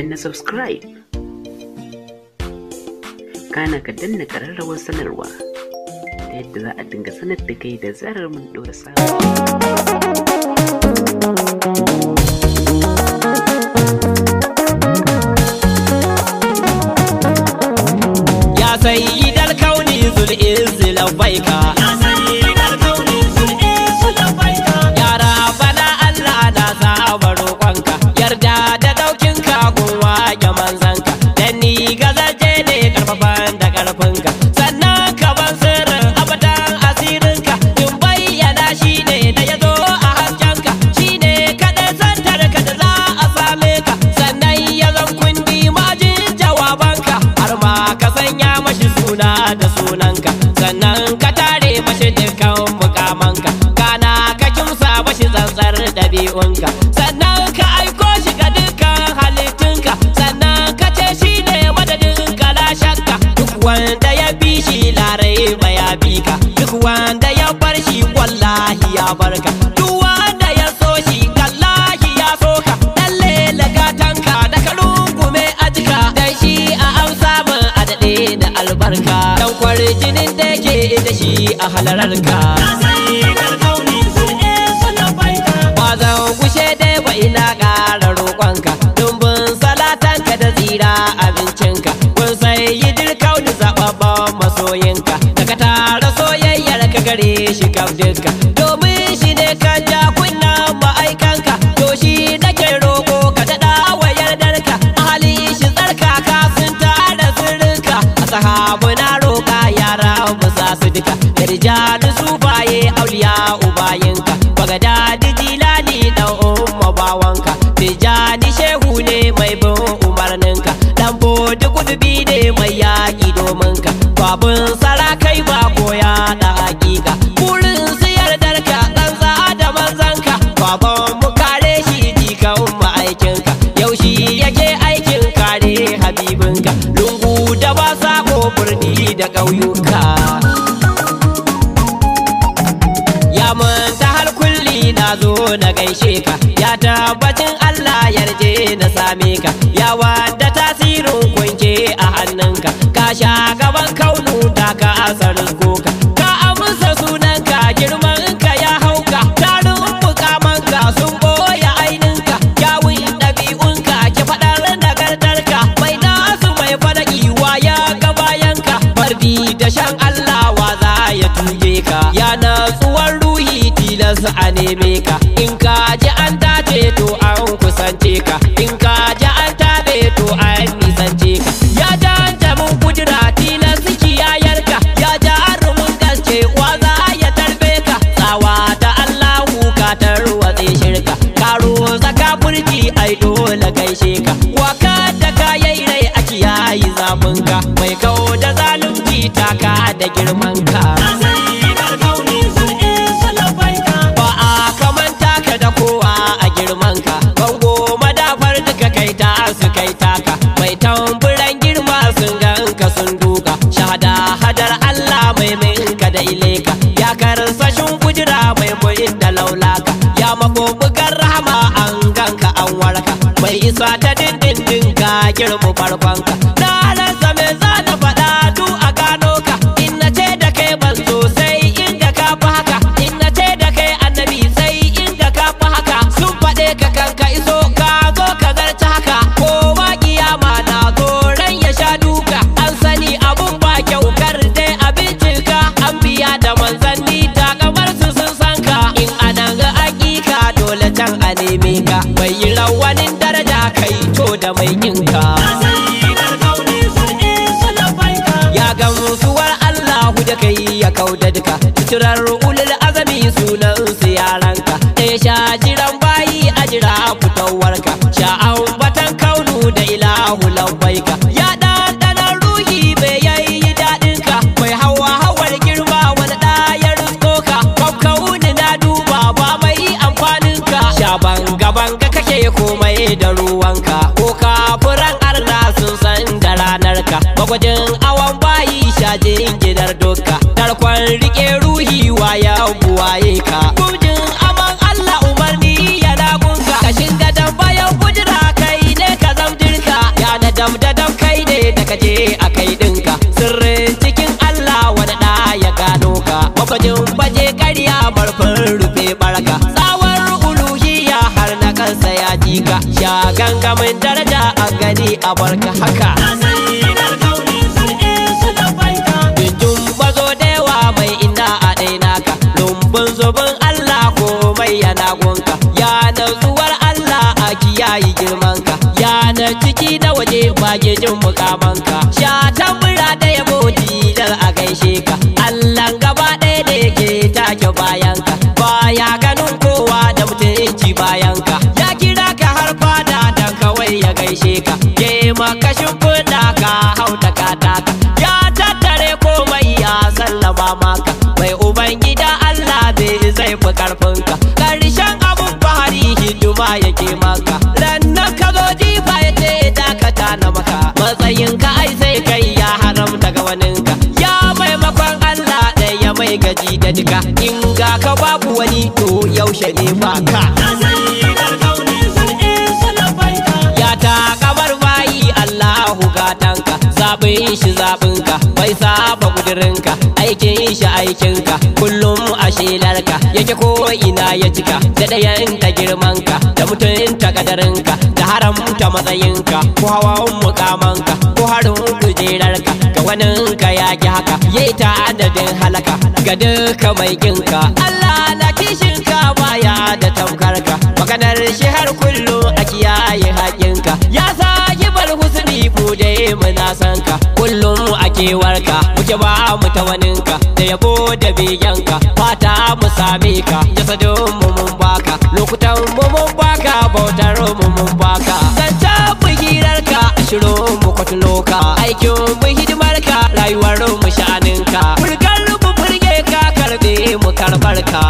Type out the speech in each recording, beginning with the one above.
danna subscribe kana ka danna ƙararrawar sanarwa ta yadda za a dinga sanar da kai da zarar mun ɗora sabon sayyidal kauni zul baika sai jinin da ke da shi a halarar ka ba zan gushe dai ba ina ƙara roƙonka dumbin salatanka da tsira abincinka kun sai yi dirkau da zaɓaɓɓen masoyinka daga tara soyayyar ka gare shi kaf duka abin sarakai ba koya da hakika burin su yardar ka dan za da manzanka baban mu kare shi jikan mu aikinka yake aikin kare habibinka lungu da ba sako birni da ƙauyuka ya manta har kulli na zo na gaishe ka ya tabbacin Allah yarje na same ka ya su a neme ka in ka ji an dace to an kusance ka faru na ransa me za ta faɗa Should that roll? ka mai daraja a gani a barka haka Jinjin e bazo da yawa mai ina a ɗaina ka Lumbin Allah komai yana gunka Ya zuwar Allah a yi girmanka Ya na ciki na waje ba jin mukamanka Sha ka shimfiɗa ka hau da kataka ya tattare komai ya sallama maka mai ubangida Allah bai zai fi karfinka ƙarshen abun bahari hidima yake maka lannan ka zo jifa ya ce dakata na maka matsayinka ai sai kai ya haramta waninka ya maimakon Allah ɗaya mai gaji da jika in ga ka babu wani to yaushe ne baka kai saba gudurinka aikin shi aikinka kullum a shelarka yake ko ina ya cika da ɗayan ta ka da mutunta kadarinka da haramta matsayinka ko hawan mukamanka ko harin kujerarka ga ka ya ki haka yayi adadin halaka ga duka mai ginka Allah na kishinka baya da tamkarka maganar shi har kullum a kiyaye haƙinka ya sa husni mu muna sanka kullum godewarka muke ba mu ta waninka da yabo da biyanka fata mu sami ka jasadin mu mun baka lokutan mu mun baka bautar mu mun baka zanta mu hirarka shiro mu kwatuloka aikin mu hidimarka rayuwar mu sha'aninka furgar mu furge ka karbe mu karbarka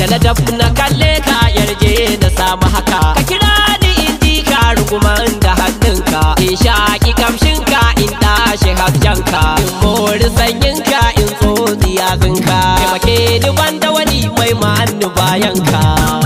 da ladab na kalle ka yarje na samu haka ka kira ni in ji ka ruguman da hannunka in shaƙi kamshinka in tashi haskenka in mori sanyinka in tsotsi yatsinka taimake ni wanda wani mai ma'annu bayanka